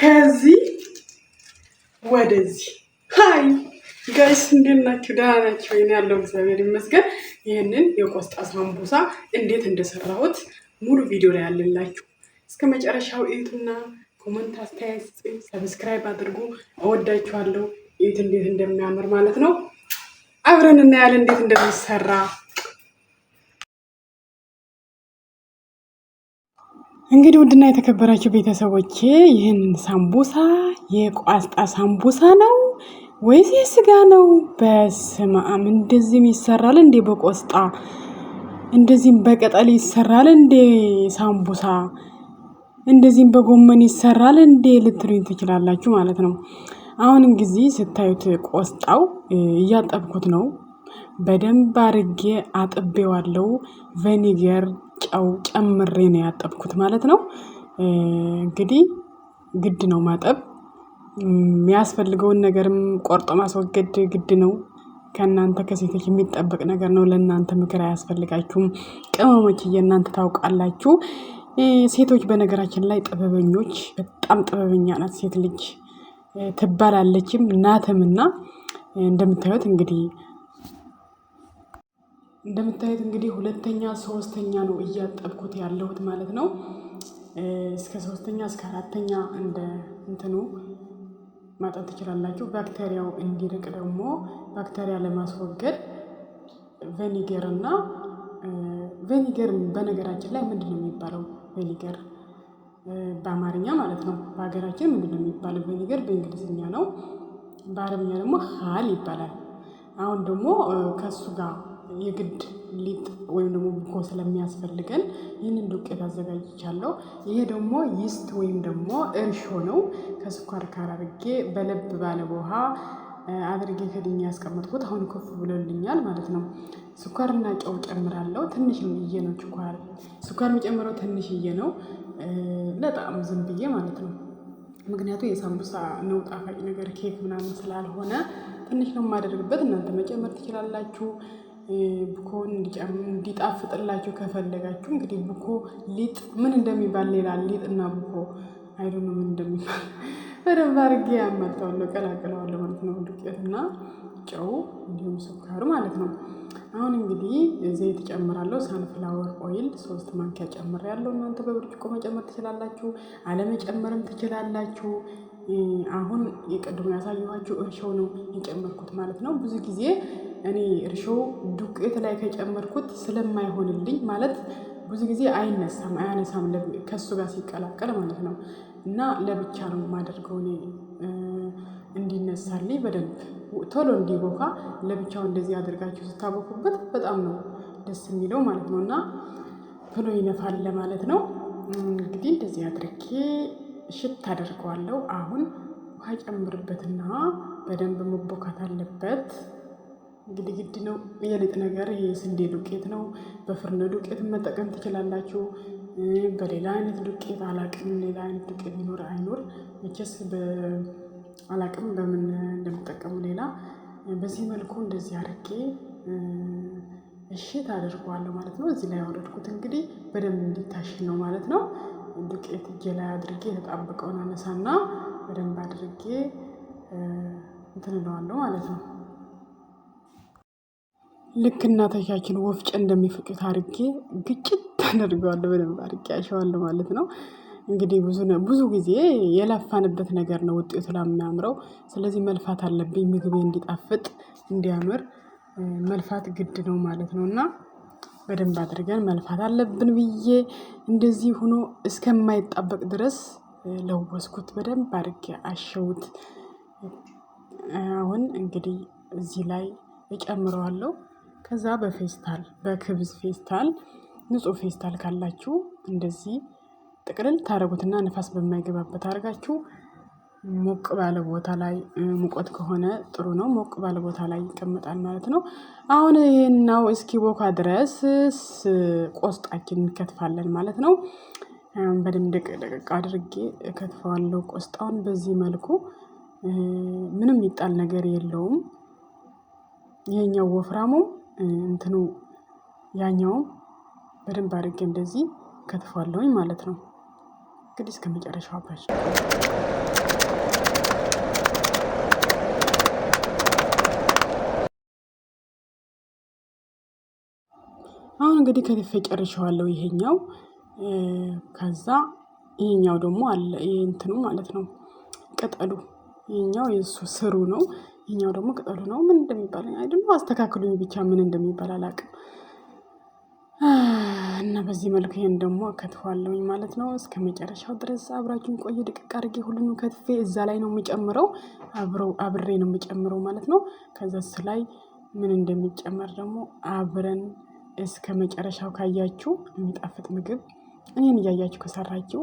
ከዚህ ወደዚህ። ሀይ ጋይስ እንዴት ናችሁ? ደህና ናችሁ? ወይን ያለው እግዚአብሔር ይመስገን። ይህንን የቆስጣ ሳምቡሳ እንዴት እንደሰራሁት ሙሉ ቪዲዮ ላይ ያለላችሁ እስከ መጨረሻው እዩትና ኮመንት አስተያየት፣ ሰብስክራይብ አድርጉ። እወዳችኋለሁ። እዩት እንዴት እንደሚያምር ማለት ነው። አብረን እናያለን እንዴት እንደሚሰራ እንግዲህ ውድና የተከበራችሁ ቤተሰቦቼ ይህን ሳምቡሳ የቋስጣ ሳምቡሳ ነው ወይስ የስጋ ነው? በስመ አብ! እንደዚህም ይሰራል እንዴ? በቆስጣ እንደዚህም በቅጠል ይሰራል እንዴ? ሳምቡሳ እንደዚህም በጎመን ይሰራል እንዴ ልትሉኝ ትችላላችሁ ማለት ነው። አሁን ጊዜ ስታዩት ቆስጣው እያጠብኩት ነው። በደንብ አርጌ አጥቤዋለሁ ቬኒገር ጨው ጨምሬ ነው ያጠብኩት ማለት ነው። እንግዲህ ግድ ነው ማጠብ የሚያስፈልገውን ነገርም ቆርጦ ማስወገድ ግድ ነው። ከእናንተ ከሴቶች የሚጠበቅ ነገር ነው ለእናንተ ምክር አያስፈልጋችሁም ቅመሞችዬ እየእናንተ ታውቃላችሁ። ሴቶች በነገራችን ላይ ጥበበኞች በጣም ጥበበኛ ናት ሴት ልጅ ትባላለችም ናትምና። እንደምታዩት እንግዲህ እንደምታዩት እንግዲህ ሁለተኛ ሶስተኛ ነው እያጠብኩት ያለሁት ማለት ነው። እስከ ሶስተኛ እስከ አራተኛ እንደ እንትኑ ማጠብ ትችላላችሁ። ባክቴሪያው እንዲርቅ ደግሞ ባክቴሪያ ለማስወገድ ቬኒገር እና ቬኒገር በነገራችን ላይ ምንድን ነው የሚባለው? ቬኒገር በአማርኛ ማለት ነው። በሀገራችን ምንድን ነው የሚባለው? ቬኒገር በእንግሊዝኛ ነው። በአረብኛ ደግሞ ሀል ይባላል። አሁን ደግሞ ከሱ ጋር የግድ ሊጥ ወይም ደግሞ ቡኮ ስለሚያስፈልገን ይህንን ዱቄት አዘጋጅቻለሁ። ይሄ ደግሞ ይስት ወይም ደግሞ እርሾ ነው። ከስኳር ጋር አድርጌ በለብ ባለ ውሃ አድርጌ ከድኛ ያስቀመጥኩት አሁን ኮፍ ብሎልኛል ማለት ነው። ስኳርና ጨው ጨምራለሁ። ትንሽዬ ነው ችኳር ስኳር የሚጨምረው ትንሽዬ ነው ለጣም ዝም ብዬ ማለት ነው። ምክንያቱም የሳምቡሳ ነው ጣፋጭ ነገር ኬክ ምናምን ስላልሆነ ትንሽ ነው የማደርግበት። እናንተ መጨመር ትችላላችሁ። ቡኮን እንዲጣፍጥላችሁ ከፈለጋችሁ እንግዲህ ቡኮ ሊጥ ምን እንደሚባል ሌላ ሊጥ እና ብኮ አይዶ ምን እንደሚባል በደንብ አድርጌ ያመልጠዋለሁ፣ ቀላቅለዋለሁ ማለት ነው። እና ጨው እንዲሁም ስኳር ማለት ነው። አሁን እንግዲህ ዘይት ጨምራለሁ። ሳንፍላወር ኦይል ሶስት ማንኪያ ጨምር ያለው እናንተ በብርጭቆ መጨመር ትችላላችሁ፣ አለመጨመርም ትችላላችሁ። አሁን የቀድሞ ያሳየኋችሁ እርሾ ነው የጨመርኩት ማለት ነው። ብዙ ጊዜ እኔ እርሾ ዱቄት ላይ ከጨመርኩት ስለማይሆንልኝ ማለት ብዙ ጊዜ አይነሳም አያነሳም ከእሱ ጋር ሲቀላቀል ማለት ነው። እና ለብቻ ነው የማደርገው እኔ እንዲነሳልኝ በደንብ ቶሎ እንዲቦካ ለብቻው እንደዚህ አድርጋችሁ ስታቦኩበት በጣም ነው ደስ የሚለው ማለት ነው። እና ቶሎ ይነፋል ለማለት ነው። እንግዲህ እንደዚህ አድርጌ ሽት አደርገዋለሁ። አሁን ውሃ ጨምርበትና በደንብ መቦካት አለበት። ግድግድ ነው። የሊጥ ነገር የስንዴ ዱቄት ነው። በፍርኖ ዱቄት መጠቀም ትችላላችሁ። በሌላ አይነት ዱቄት አላቅም። ሌላ አይነት ዱቄት ይኖር አይኖር መቼስ አላቅም በምን እንደምጠቀሙ ሌላ። በዚህ መልኩ እንደዚህ አድርጌ እሽት አድርጓለሁ ማለት ነው። እዚህ ላይ ያወረድኩት እንግዲህ በደንብ እንዲታሽ ነው ማለት ነው። ዱቄት እጄ ላይ አድርጌ የተጣበቀውን አነሳና በደንብ አድርጌ እንትን እለዋለሁ ማለት ነው። ልክ እናቶቻችን ወፍጮ እንደሚፈጩት አድርጌ ግጭት ተደርገዋለሁ። በደንብ አድርጌ አሸዋለሁ ማለት ነው። እንግዲህ ብዙ ጊዜ የለፋንበት ነገር ነው ውጤቱ ላሚያምረው። ስለዚህ መልፋት አለብኝ ምግቤ እንዲጣፍጥ እንዲያምር መልፋት ግድ ነው ማለት ነው። እና በደንብ አድርገን መልፋት አለብን ብዬ እንደዚህ ሆኖ እስከማይጣበቅ ድረስ ለወስኩት። በደንብ አድርጌ አሸውት። አሁን እንግዲህ እዚህ ላይ እጨምረዋለሁ ከዛ በፌስታል በክብዝ ፌስታል ንጹህ ፌስታል ካላችሁ እንደዚህ ጥቅልል ታደረጉትና ንፋስ በማይገባበት አድርጋችሁ ሞቅ ባለ ቦታ ላይ ሙቀት ከሆነ ጥሩ ነው። ሞቅ ባለ ቦታ ላይ ይቀመጣል ማለት ነው። አሁን ይህናው እስኪ ቦካ ድረስ ቆስጣችን እንከትፋለን ማለት ነው። በድምድቅ ደቅቅ አድርጌ እከትፈዋለሁ። ቆስጣውን በዚህ መልኩ ምንም ይጣል ነገር የለውም። ይሄኛው ወፍራሙ እንትኑ ያኛውም በደንብ አድርጌ እንደዚህ ከትፏለሁኝ ማለት ነው። እንግዲህ እስከ መጨረሻው አብራችሁ አሁን እንግዲህ ከትፌ ጨርሼዋለሁ ይሄኛው። ከዛ ይሄኛው ደግሞ አለ ይሄ እንትኑ ማለት ነው ቅጠሉ ይሄኛው የእሱ ስሩ ነው። ይኛው ደግሞ ቅጠሉ ነው። ምን እንደሚባለኝ ደግሞ አስተካክሉኝ ብቻ ምን እንደሚባል አላውቅም። እና በዚህ መልኩ ይህን ደግሞ ከትፏለሁኝ ማለት ነው። እስከ መጨረሻው ድረስ አብራችሁን ቆየ ድቅቅ አድርጌ ሁሉንም ከትፌ እዛ ላይ ነው የሚጨምረው፣ አብሬ ነው የሚጨምረው ማለት ነው። ከዛ ላይ ምን እንደሚጨመር ደግሞ አብረን እስከ መጨረሻው ካያችሁ የሚጣፍጥ ምግብ እኔን እያያችሁ ከሰራችሁ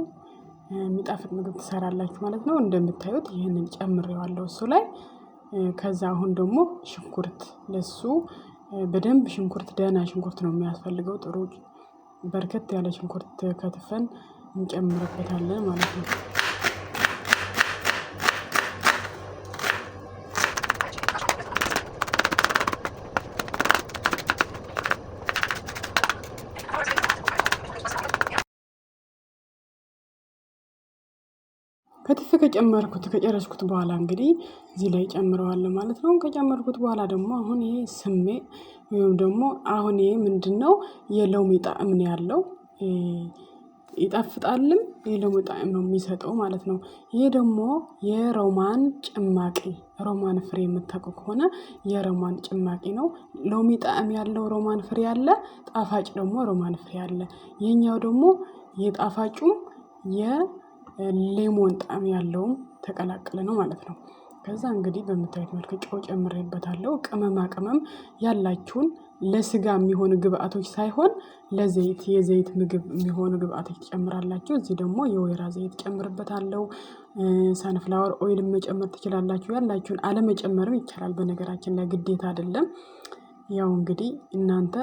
የሚጣፍጥ ምግብ ትሰራላችሁ ማለት ነው። እንደምታዩት ይህንን ጨምሬዋለሁ እሱ ላይ ከዛ አሁን ደግሞ ሽንኩርት ለሱ በደንብ ሽንኩርት ደህና ሽንኩርት ነው የሚያስፈልገው። ጥሩ በርከት ያለ ሽንኩርት ከትፈን እንጨምርበታለን ማለት ነው። ከጨመርኩት ከጨረስኩት በኋላ እንግዲህ እዚህ ላይ ጨምረዋለሁ ማለት ነው። ከጨመርኩት በኋላ ደግሞ አሁን ይሄ ስሜ ወይም ደግሞ አሁን ይሄ ምንድን ነው የሎሚ ጣዕም ነው ያለው ይጣፍጣልም የሎሚ ጣዕም ነው የሚሰጠው ማለት ነው። ይሄ ደግሞ የሮማን ጭማቂ ሮማን ፍሬ የምታውቀው ከሆነ የሮማን ጭማቂ ነው። ሎሚ ጣዕም ያለው ሮማን ፍሬ አለ፣ ጣፋጭ ደግሞ ሮማን ፍሬ አለ። ይሄኛው ደግሞ የጣፋጩም የ ሌሞን ጣዕም ያለውም ተቀላቀለ ነው ማለት ነው። ከዛ እንግዲህ በምታዩት መልክ ጨው ጨምሬበታለሁ። ቅመማ ቅመም ያላችሁን ለስጋ የሚሆኑ ግብአቶች ሳይሆን ለዘይት የዘይት ምግብ የሚሆኑ ግብአቶች ትጨምራላችሁ። እዚህ ደግሞ የወይራ ዘይት ጨምርበታለሁ። ሳንፍላወር ኦይል መጨመር ትችላላችሁ። ያላችሁን አለመጨመርም ይቻላል። በነገራችን ላይ ግዴታ አይደለም። ያው እንግዲህ እናንተ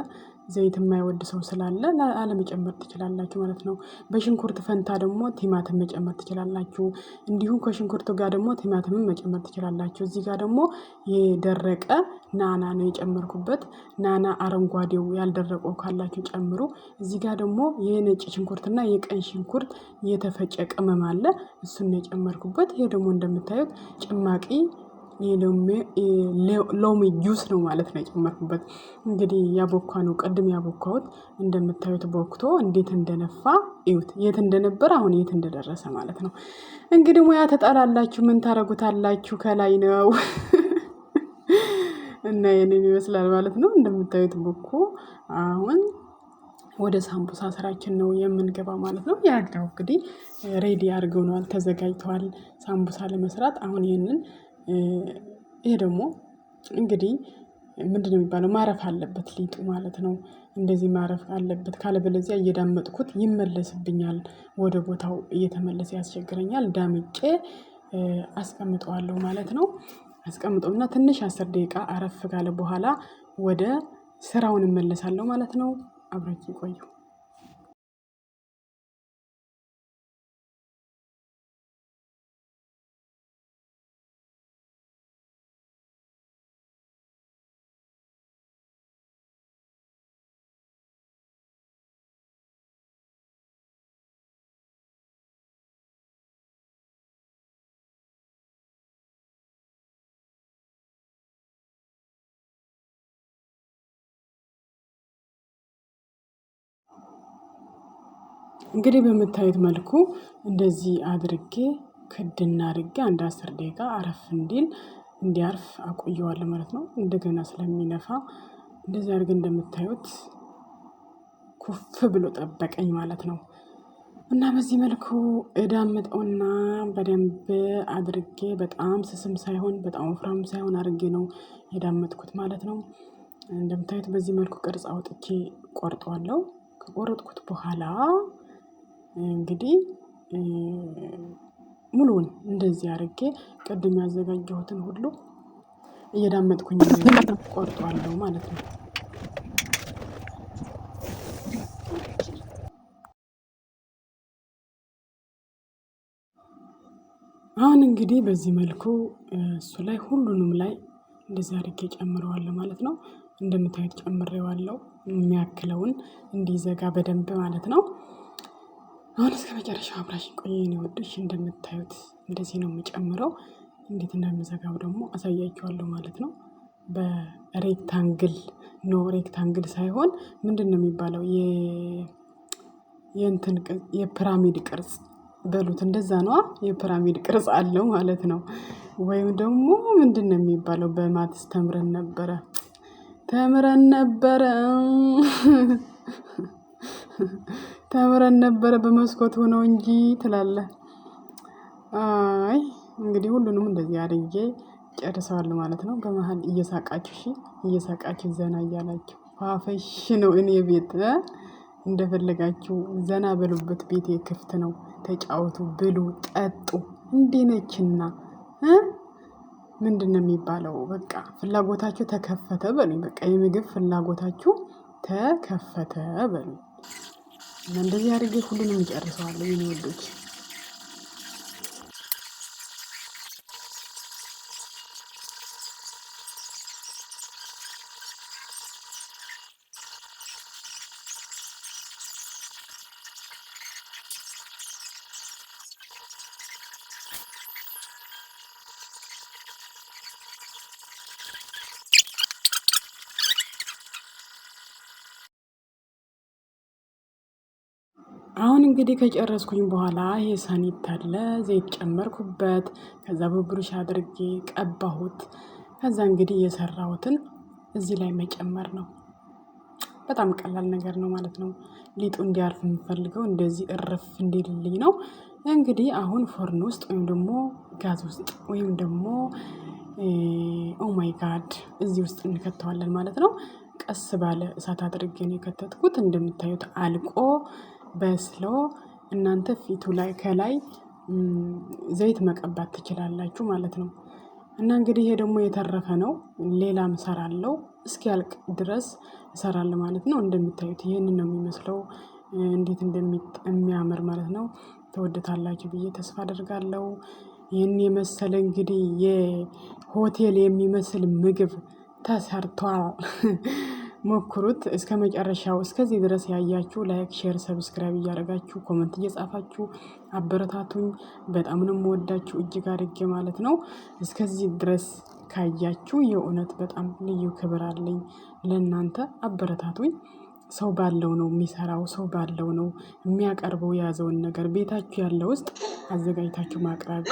ዘይት የማይወድ ሰው ስላለ አለመጨመር ትችላላችሁ ማለት ነው። በሽንኩርት ፈንታ ደግሞ ቲማትም መጨመር ትችላላችሁ። እንዲሁም ከሽንኩርቱ ጋር ደግሞ ቲማትምን መጨመር ትችላላችሁ። እዚህ ጋር ደግሞ የደረቀ ናና ነው የጨመርኩበት። ናና አረንጓዴው ያልደረቀው ካላችሁ ጨምሩ። እዚህ ጋር ደግሞ የነጭ ሽንኩርትና የቀን ሽንኩርት የተፈጨ ቅመም አለ። እሱን ነው የጨመርኩበት። ይሄ ደግሞ እንደምታዩት ጭማቂ ሎሚ ጁስ ነው ማለት ነው የጨመርኩበት። እንግዲህ ያቦካ ነው ቅድም ያቦካሁት እንደምታዩት ቦክቶ እንዴት እንደነፋ እዩት። የት እንደነበረ አሁን የት እንደደረሰ ማለት ነው። እንግዲህ ሙያ ተጠላላችሁ ምን ታረጉታላችሁ? ከላይ ነው እና ይህንን ይመስላል ማለት ነው። እንደምታዩት ቦኮ አሁን ወደ ሳምቡሳ ስራችን ነው የምንገባ ማለት ነው። ያግዳው እንግዲህ ሬዲ አድርገው ተዘጋጅተዋል ሳምቡሳ ለመስራት አሁን ይህንን ይሄ ደግሞ እንግዲህ ምንድነው የሚባለው ማረፍ አለበት ሊጡ ማለት ነው። እንደዚህ ማረፍ አለበት ካለበለዚያ እየዳመጥኩት ይመለስብኛል ወደ ቦታው እየተመለሰ ያስቸግረኛል ዳምጬ አስቀምጠዋለሁ ማለት ነው። አስቀምጠውና ትንሽ አስር ደቂቃ አረፍ ካለ በኋላ ወደ ስራውን እመለሳለሁ ማለት ነው። አብራችሁ ቆዩ እንግዲህ በምታዩት መልኩ እንደዚህ አድርጌ ክድና አድርጌ አንድ አስር ደቂቃ አረፍ እንዲል እንዲያርፍ አቆየዋለሁ ማለት ነው። እንደገና ስለሚነፋ እንደዚህ አድርጌ እንደምታዩት ኩፍ ብሎ ጠበቀኝ ማለት ነው። እና በዚህ መልኩ እዳምጠውና በደንብ አድርጌ በጣም ስስም ሳይሆን በጣም ወፍራም ሳይሆን አድርጌ ነው የዳመጥኩት ማለት ነው። እንደምታዩት በዚህ መልኩ ቅርጽ አውጥቼ ቆርጠዋለሁ። ከቆረጥኩት በኋላ እንግዲህ ሙሉውን እንደዚህ አድርጌ ቅድም ያዘጋጀሁትን ሁሉ እየዳመጥኩኝ ቆርጧለሁ ማለት ነው። አሁን እንግዲህ በዚህ መልኩ እሱ ላይ ሁሉንም ላይ እንደዚህ አድርጌ ጨምረዋለሁ ማለት ነው። እንደምታዩት ጨምሬዋለሁ የሚያክለውን እንዲዘጋ በደንብ ማለት ነው። አሁን እስከ መጨረሻው አብራሽ ቆይ ወዶች። እንደምታዩት እንደዚህ ነው የምጨምረው። እንዴት እንደምዘጋው ደግሞ አሳያችኋለሁ ማለት ነው። በሬክታንግል ኖ ሬክታንግል ሳይሆን ምንድን ነው የሚባለው የእንትን የፒራሚድ ቅርጽ በሉት እንደዛ ነዋ። የፒራሚድ ቅርጽ አለው ማለት ነው። ወይም ደግሞ ምንድን ነው የሚባለው በማትስ ተምረን ነበረ ተምረን ነበረ ተምረን ነበረ በመስኮት ሆነው እንጂ ትላለህ። አይ እንግዲህ ሁሉንም እንደዚህ አድርጌ ጨርሰዋል ማለት ነው። በመሀል እየሳቃችሁ እሺ እየሳቃችሁ ዘና እያላችሁ ፋፈሽ ነው እኔ ቤት እንደፈለጋችሁ ዘና በሉበት። ቤቴ ክፍት ነው። ተጫወቱ፣ ብሉ፣ ጠጡ። እንዴ ነችና ምንድን ነው የሚባለው? በቃ ፍላጎታችሁ ተከፈተ በሉኝ። በቃ የምግብ ፍላጎታችሁ ተከፈተ በሉኝ። እና እንደዚህ አድርጌ ሁሉንም እጨርሰዋለሁ የኔ ወዶች። እንግዲህ ከጨረስኩኝ በኋላ ይሄ ሰኒት አለ ዘይት ጨመርኩበት። ከዛ በብሩሽ አድርጌ ቀባሁት። ከዛ እንግዲህ የሰራሁትን እዚህ ላይ መጨመር ነው። በጣም ቀላል ነገር ነው ማለት ነው። ሊጡ እንዲያርፍ የምፈልገው እንደዚህ እርፍ እንዲልልኝ ነው። እንግዲህ አሁን ፎርን ውስጥ ወይም ደግሞ ጋዝ ውስጥ ወይም ደግሞ ኦማይ ጋድ እዚህ ውስጥ እንከተዋለን ማለት ነው። ቀስ ባለ እሳት አድርጌ ነው የከተትኩት። እንደምታዩት አልቆ በስሎ እናንተ ፊቱ ላይ ከላይ ዘይት መቀባት ትችላላችሁ ማለት ነው። እና እንግዲህ ይሄ ደግሞ የተረፈ ነው። ሌላም እሰራለሁ እስኪያልቅ ድረስ እሰራለሁ ማለት ነው። እንደምታዩት ይህንን ነው የሚመስለው። እንዴት እንደሚያምር ማለት ነው። ተወደታላችሁ ብዬ ተስፋ አደርጋለሁ። ይህን የመሰለ እንግዲህ የሆቴል የሚመስል ምግብ ተሰርቷል። ሞክሩት እስከ መጨረሻው። እስከዚህ ድረስ ያያችሁ ላይክ፣ ሼር፣ ሰብስክራይብ እያደረጋችሁ ኮመንት እየጻፋችሁ አበረታቱኝ። በጣም ነው የምወዳችሁ እጅግ አድርጌ ማለት ነው። እስከዚህ ድረስ ካያችሁ የእውነት በጣም ልዩ ክብር አለኝ ለእናንተ። አበረታቱኝ። ሰው ባለው ነው የሚሰራው። ሰው ባለው ነው የሚያቀርበው የያዘውን ነገር ቤታችሁ ያለ ውስጥ አዘጋጅታችሁ ማቅረብ